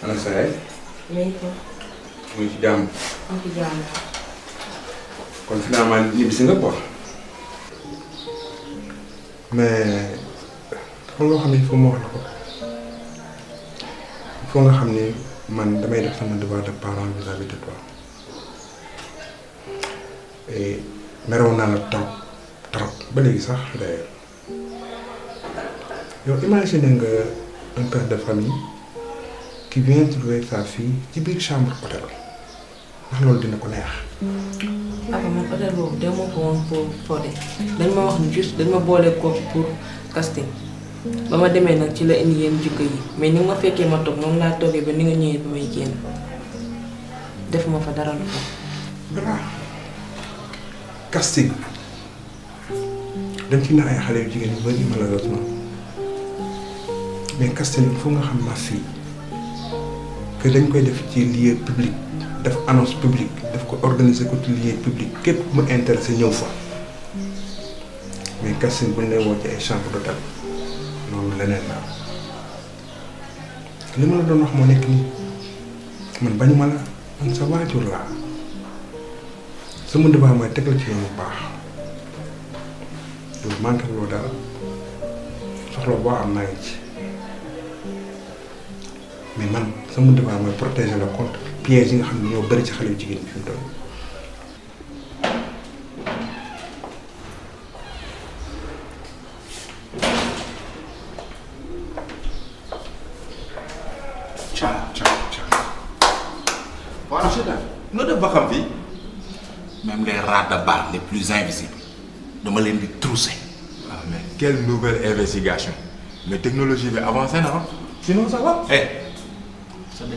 ana sa yaay. ci jàmm. kon finalement ñibbisi nga quoi. mais dafa loo xam ni il faut ma wax la xam ne man damay def sama devoir de parent vis-à-vis de toi meroon naa la trop trop ba léegi sax d'ailleurs yow imagine nga un père de famille. qui vient trouver ci biir chambre hôtel ndax loolu dina ko neex. papa man hôtel boobu dama ko woon pour fodé dañ ma wax ni juste dañ ma boole ko pour casting ba ma demee nag ci la indi yenn jikko yi mais ni ma fekkee ma toog moom laa toogee ba ni nga ñëwee ba may génn def fa dara lu ko. dara ay xale yu jigéen yu bëri mais casting il nga xam ma que dañ koy def ci lieu public def annonce publique daf ko organiser ko ci lieu public képp ku mu intéressé ñëw fa mais Kaffrine bu ñu woo ci ay chambre d'hôtel loolu leneen la li ma la doon wax moo nekk ni man bañu ma la man sa waajur laa sama devoir mooy teg la ci yoon bu baax loolu manqué loo dara soxla boo am naa ci. Mais maintenant, ça me devez me protéger, je compte. pièges qui tu peux pas me faire de la vie. Tchao, tchao, tchao. Bonjour, chère. Nous ne sommes pas Même les rats de barre les plus invisibles, nous sommes tous troussés. Ah, mais quelle nouvelle investigation! Mais la technologie va avancer, non? Hein? Sinon, ça va? Eh,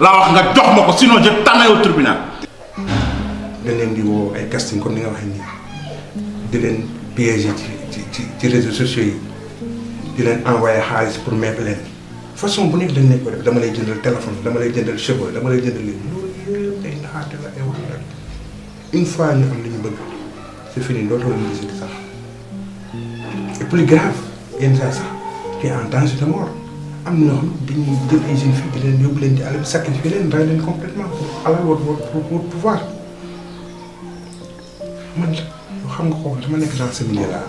laa wax nga jox ma ko sinon je t'amène au tribunal. dañ leen di woo ay casting comme ni nga waxee nii di leen piéger ci ci ci réseaux sociaux yi di leen envoyé xaalis pour mettre leen façon bu nekk dañ leen ko def dama lay jëndal téléphone dama lay jëndal cheveux dama lay jëndal loolu yëpp ay naxaate la ay wax la une fois ñu am li ñu bëgg c'est fini sax et yenn saa sax tu es en danger am na bi ñuy jël ay jeunes filles di leen yóbbu leen di alal sacrifier leen rey leen complètement pour alal wala pour pour pouvoir man la xam nga ko dama nekk dans ce milieu là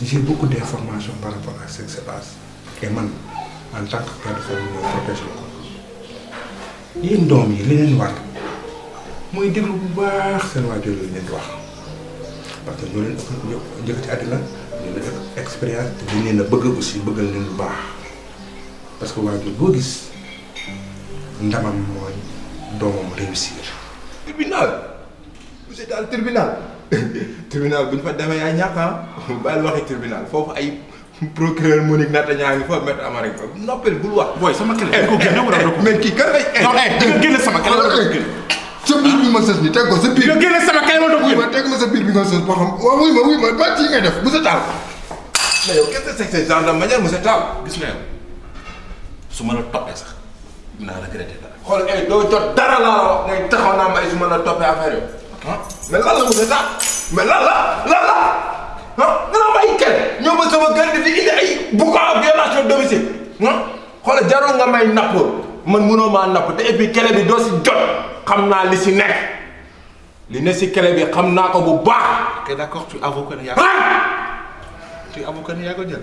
j'ai beaucoup d'informations par rapport à ce qui se passe et man en tant que père de famille mooy protéger ko yéen doom yi li leen war mooy déglu bu baax seen waajur li leen wax parce que ñoo leen jëkk ci àddina ñoo leen expérience te dañ leen a bëgg aussi bëggal leen lu baax parce que waajur boo gis ndamam mooy doomam réussir. tribunal monsieur Tall tribunal tribunal bu ñu fa demee yaa ñàkk ah bàyyil waxi tribunal foofu ay procureur Monique Nata ñaa ngi fa mettre amara fa noppil bul wax. booy sama clé eh, dañ ko génne wala eh, eh, sa biir bi ma ma teg ma sa biir gis nga su ma la toppee sax dinaa regretter dara. xool ay eh, doo jot dara laa la wax ngay taxaw naa ma ay eh, su ma la toppee affaire yooyu. Ah. mais lan la monsieur la la ah, nga naa ma ay kër ñëw ba sama kër di indi ay bouga violation ah. man mënoo maa napp bi doo si jot xam naa li si nekk li ne si kele bi xam naa ko bu baax. ok d'accord tu avoues ko. tu yaa ko jël.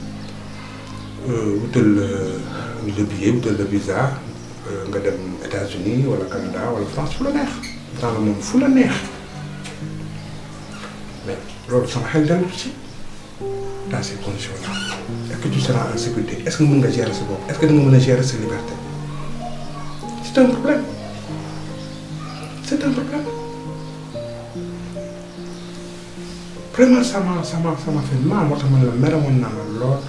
Euh, euh, wutal le billet de le visa euh, nga dem États-Unis wala Canada ou wala France fu la neex dans le monde fu la mais loolu sama xel dellu dans ces conditions là est-ce que tu seras en sécurité est-ce que nous nga gérer sa bopp est-ce que nous nga sa liberté c'est un problème c'est un problème vraiment ça sama sama fait mal moi je man la mere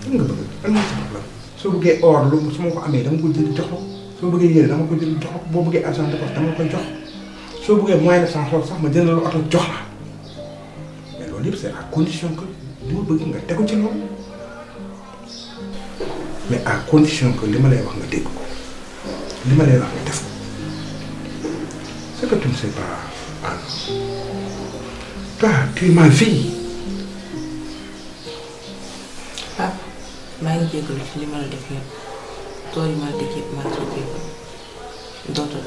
nga bëgg lan mooy sa soo bëggee or lu ma ko amee dama ko jël jox ko soo bëggee yére dama ko jël jox ko boo dama koy jox soo bëggee moyen de transport sax ma jëndal la oto jox la mais loolu condition que li nga tegu ci loolu mais à condition que li ma lay wax nga dégg ko li ma lay wax nga def ko c'est que tu ne toi tu es vie. jégalu ci li la def yëpp tooñ ma dikk yëpp maa ngi ciy jégalu dootul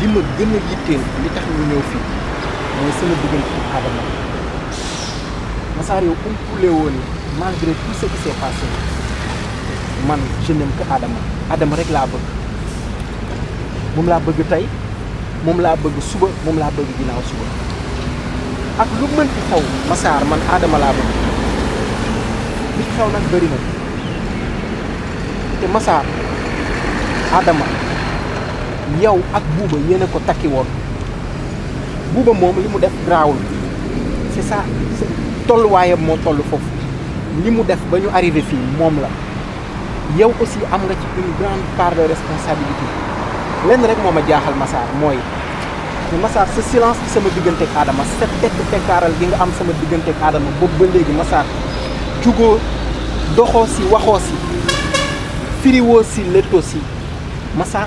li ma gën a yitteel li tax ñu ñëw fii mooy sama diggante ak Adama Massar yow umpule woon malgré tout ce qui man je n'aime que Adama rek laa bëgg moom laa bëgg tey moom laa bëgg suba moom laa bëgg ginnaaw suba ak lu mën fi xaw Massar man aadama laa bëgg li xaw nag bëri te Massar Adama yow ak buuba yéen a ko takki woon buuba moom li mu def garaawul c'est ça tolluwaayam moo toll foofu li mu def ba ñu arrivé fii moom la yow aussi am nga ci une grande part de responsabilité lenn rek moo ma jaaxal Massar mooy Massar sa silence bi sama digganteeg Adama sa tekk tekkaaral gi nga am sama digganteeg Adama boobu ba léegi Massar jugoo doxoo si waxoo si firiwoo si léttoo si Massar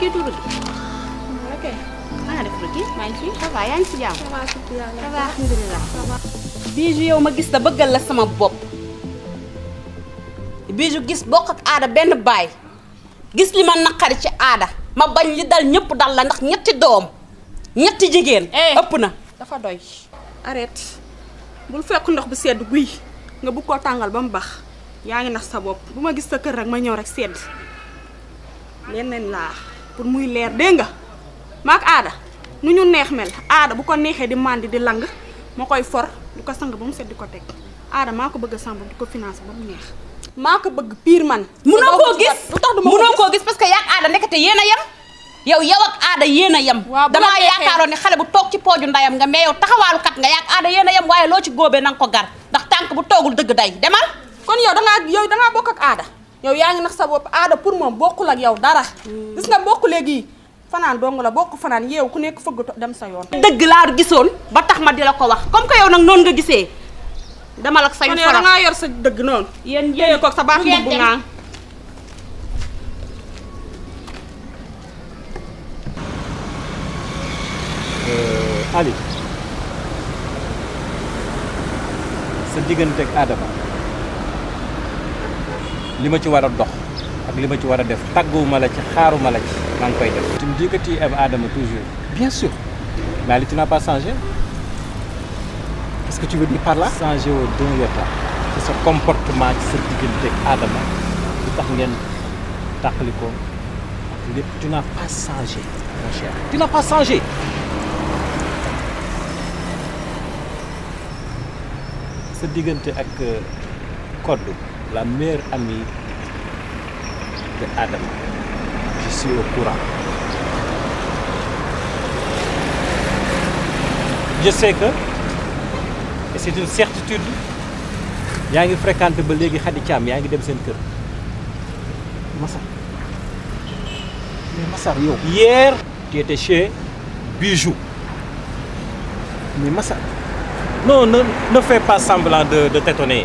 kidudu okay yow ma gis la bëggal la sama bopp bijou gis bokk ak ada ben baay gis li ma naqari ci aada ma bañ li dal ñëpp dal la ndax ñetti doom ñetti jigéen ëpp eh. na dafa doy arrête bul fekk ndox bu sedd nga bu ko bax nax sa gis sa kër rek ma rek sedd pour muy leer dégg nga maak aada nu ñu neex mel aada bu ko neexee di màndi di lang ma koy for di ko sang ba mu set ko teg aada maa ko bëgg a di ko finance ba mu neex maa ko bëgg pire man munoo koo gis munoo koo gis parce que yaak aada nekkate yéen a yem yow yow ak aada yéen a yem damaa yaakaaroon ne xale bu toog ci pooju ndeyam nga mais yow taxawaalukat nga yaak aada yéen a yem waaye loo ci góobee na ko gar ndax tànk bu toogul dëgg day demal kon yow dangaa yow dangaa ak aada yow yaangi nak sa bop aada pour mom bokul ak yow dara hmm. gis nga bokul legi fanan dong la bokku fanan yew ku nek feug dem sa yoon dëgg laa gissone ba tax ma dila ko wax comme que yow nak non nga gisse dama la say fara nga yor sa deug non yéen yéen ko sa baax nga euh Ali sa digeunte ak Adama lima ci wara dox ak lima ci wara def tàgguwuma la ci xaaruma la ci mang koy def. tu me dis Adama toujours. bien sûr mais tu n'as pas changé qu'est-ce que tu veux dire par là. changé woo don yota c'est ce comportement ci sa diggante ak Adama lu tax ngeen takliko ko tu n'as pas changé mon cher tu n'as pas changé. sa diggante ak euh, code la meilleure amie de Adam. Je suis au courant. Je sais que, et c'est une certitude, je ngi fréquenté ba de qui a yaa ngi cœur. seen Mais Massar mais Massar yo. hier tu étais chez Bijou. mais Massar. non ne fais pas semblant de t'étonner.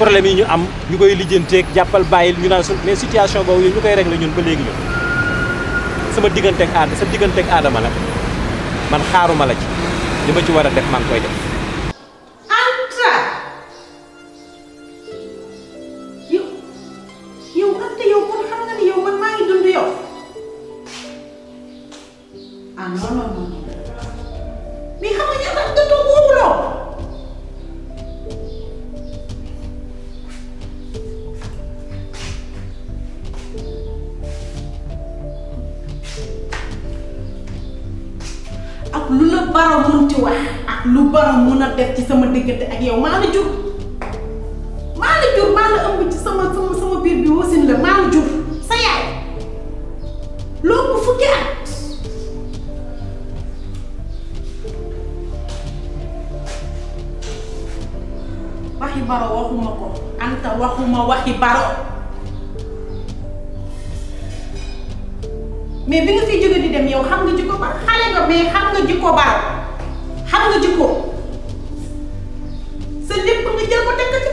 problème yi ñu am ñu koy lijjanteeg jàppal bàyyil ñu naan su mais situation boobu ñu koy réglé ñun ba léegi ñun sama digganteeg aada sa digganteeg aadama nag man xaaruma la ci li ma ci war a def man ngi koy def bara mun ci wax ak lu bara mun a def ci sama diggante ak yow maa la jur maa la jur maa la ëmb ci sama sama biir bi wasin la maa la jur sa yaay loo ko fukki at waxi baro waxuma ko Anta waxuma waxi baro mais bi nga fiy jóge di dem yow xam nga jikko baax xale nga mais xam nga jikko baax xam nga jikko sa lépp nga jël ko teg ci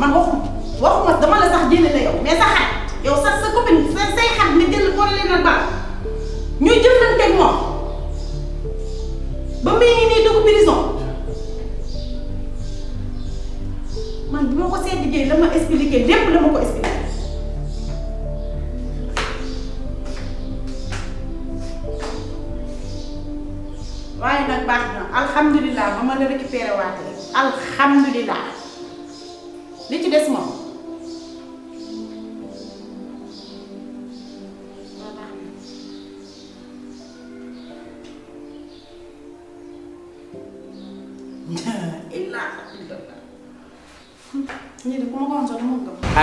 man waxuma dama la sax jëlee la yow mais sa xarit yow sax sa copine sa say xarit nga jël boole leen baax ñuy jëflanteeg moom ba muy ngi nii dugg prison. see liggéey la ma expliqué lépp la ma ko expliqué. waaye nag baax na alhamdulilah ba ma la récupéré waatee alhamdulilah li ci des moom.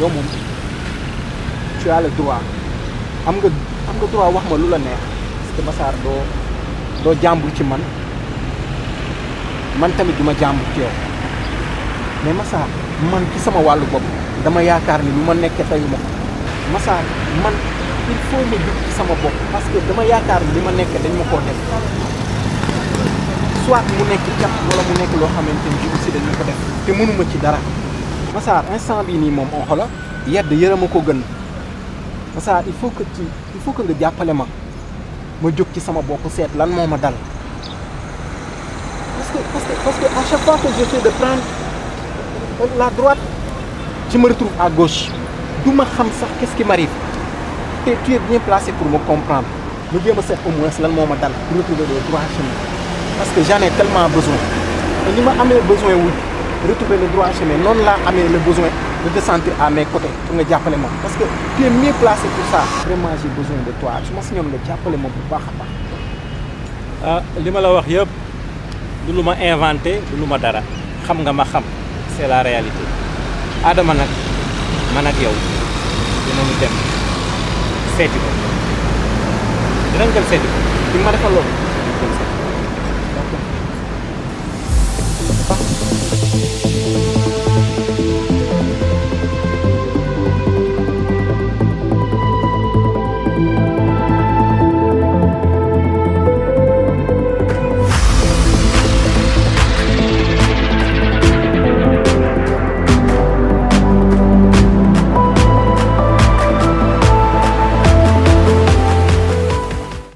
yow moom tu as am nga am nga droit wax ma lu la neex parce que Massar doo doo jàmbur ci man man tamit du ma jàmbur ci yow mais Massar man ci sama wàllu bopp dama yaakaar ni lu ma nekkee fayu ma Massar man il faut ma ci sama bopp parce que dama yaakaar ni li ma nekkee dañ ma koo def soit mu nekk cat wala mu nekk loo xamante ni jub si te mënuma ci dara Massar instant bii nii moom on xola yedd yërëma ko gën Massar il faut que tu il faut que nga jàppale ma ma jóg ci sama bopp seet lan moo ma dal parce que parce que parce que à chaque fois que j'essaie de prendre la droite je me retrouve à gauche D'où ma xam sax qu'est-ce qui m'arrive te tu es bien placé pour me comprendre ma jéem a seet au moins lan moo ma dal pour retrouver le droit chemin parce que j'en ai tellement besoin Et li ma amee besoin wu retrouver le droit chemin non-là amee le besoin de te sentir à mes côtés pour me jàppale moi. parce que tu es mieux placé pour ça vraiment j'ai besoin de toi Je ma si ñoom nga jàppale pas ah li ma la wax yëpp du lu ma inventé du lu ma dara xam nga ma xam c'est la réalité Adama nag man ak yow dinañu dem seeti ko dinañ dem seeti ko di ma defal